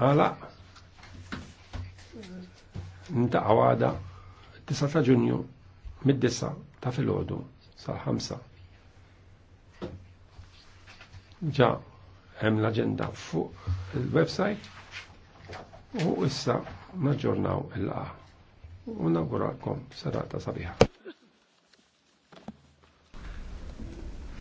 Għala, nta' għada 9 ta' ġunju, mid-9 ta' fil-ħodu, sal-5. Ġa, hemm l-agenda fuq il-website u issa naġġornaw il-laqa. U nawguralkom serata sabiħa.